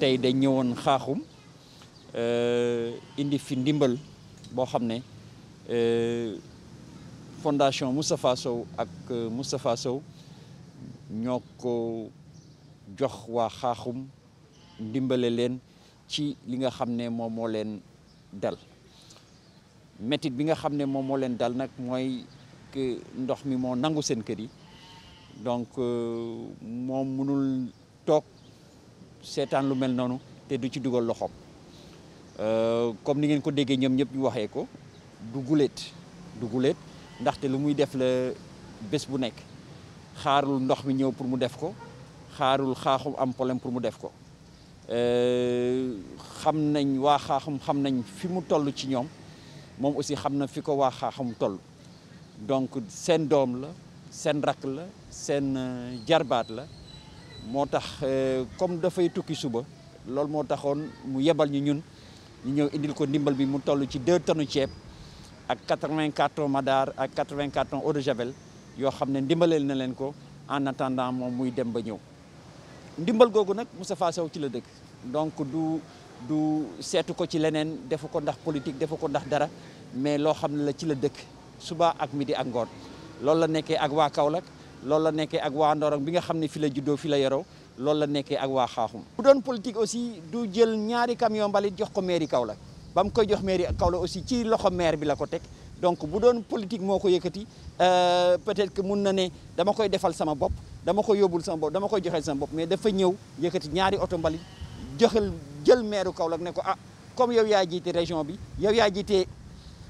tey dañ ñëwoon xaaxum euh, indi fi ndimbal boo xam ne euh, fondation Moustapha Sow ak euh, Moustapha Sow ñoo ko jox waa xaaxum ndimbale leen ci li nga xam ne moom moo leen dal métit bi nga xam ne moom moo leen dal nag mooy ndox mi moo nangu seen kër yi donc moom mënul toog seetaan lu mel noonu te du ci dugal loxoom euh, comme ni ngeen ko déggee ñoom ñëpp ñu waxee ko du guléet du guléet ndaxte lu muy def la bés bu nekk xaarul ndox mi ñëw pour mu def ko xaarul xaaxum am problème pour mu def ko euh, xam nañ waa xam nañ fi mu toll ci ñoom moom aussi xam na fi ko waa xaaxum toll donc seen doom la seen rakk la seen euh, jarbaat la moo tax euh, comme dafay tukki suba loolu moo taxoon mu yebal ñi ñun ñu ñëw indil ko ndimbal bi mu toll ci deux tonnes ceeb ak 80 cartons madar ak 80 cartons eau de javel yoo xam ne ndimbaleel na leen ko en attendant moom muy dem ba ñëw ndimbal googu nag mu Moustapha Sow ci la dëkk donc du du seetu ko ci leneen defu ko ndax politique defu ko ndax dara mais loo xam ne la ci la dëkk suba ak midi ak ngoon loolu la nekkee ak waa Kaolack loolu la nekkee ak waa Ndorong bi nga xam ne fi la juddoo fi la yaroo loolu la nekkee ak waa Xaaxum bu doon politique aussi du jël ñaari camion mbalit jox ko meeri Kaolack ba mu koy jox mairie Kaolack aussi ci loxo bi la ko teg donc bu doon politique moo ko yëkkati euh, peut-être que mun na ne dama koy defal sama bopp dama koy yóbbul sama bopp dama koy joxeel sama bopp mais dafa ñëw yëkkati ñaari oto mbalit joxal jël maire Kaolack ne ko ah comme yow yaa jiite région bi yow yaa jiite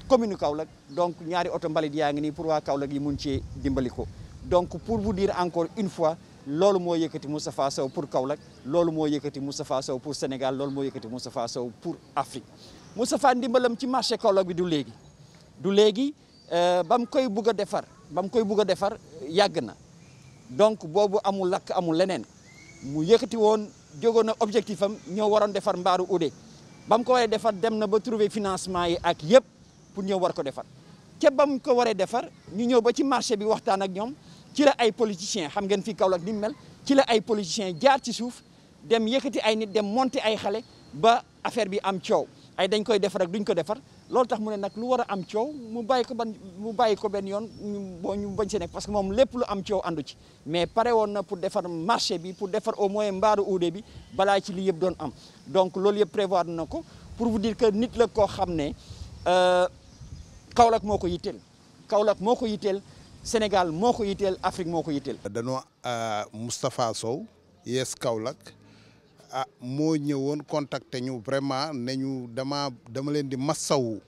commune Kaolack donc ñaari oto mbalit yaa ngi nii pour waa Kaolack yi mun cee dimbali ko donc pour vous dire encore une fois loolu moo yëkkati Moustapha Sow pour Kaolack loolu moo yëkkati Moustapha Sow pour Sénégal loolu moo yëkkati Moustapha Sow pour Afrique Moustapha ndimbalam ci marché Kaolack bi du léegi du léegi euh, ba mu koy bugg a defar ba mu koy bugg a defar yàgg na donc boobu amul lakk amul leneen mu yëkkati woon jógoon objectif am ñoo waroon defar mbaaru ude Bam mu ko waree dem na ba trouver financement yi ak yëpp pour ñëw war ko defar te ba mu ko waree defar ñu ñëw ba ci marché bi waxtaan ak ñoom ci la ay politiciens xam ngeen fii Kaolack ni mel ci la ay politiciens jaar ci suuf dem yëkkati ay nit dem monter ay xale ba affaire bi am coow ay dañ koy defar ak duñ ko defar loolu tax mu ne nag lu war am coow mu bàyyi ko ban mu bàyyi ko benn yoon boo ñu parce que moom lépp lu am coow àndu ci mais pare woon na pour defar marché bi pour defar au moins mbaaru uude bi balaa ci li yëpp doon am donc loolu yëpp prévoir nako, pour vous dire que nit le ko xam euh, Kaolack moko yitel, yitteel moko yitel, Sénégal moo ko yiteel Afrique moo ko yitteel. danoo euh, Moustapha Sow Yes Kaolack a ah, moo ñëwoon contacter ñu vraiment ne ñu dama dama leen di massawu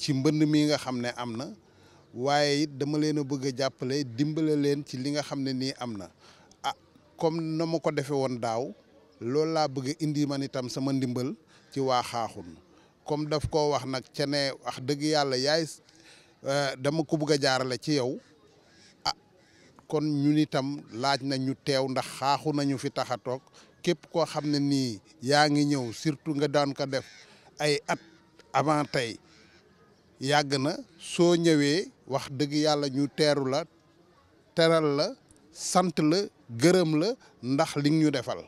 ci mbënn mi nga xam ne am na waaye it dama leen a bëgg jàppale dimbale leen ci li nga xam ne nii am na a ah, comme na ma ko defee woon daaw loolu laa bëgg indi man itam sama ndimbal ci waa xaaxun comme daf ko wax nag ca ne wax dëgg yàlla yaay euh, dama ko bëgg a jaarale ci yow. kon ñun itam laaj nañ ñu teew ndax xaaxu nañu fi taxatoog képp koo xam ne nii yaa ngi ñëw surtout nga daan ko def ay at avant tey yàgg na soo ñëwee wax dëgg yàlla ñu teeru la teral la sant la gërëm la ndax li ñu defal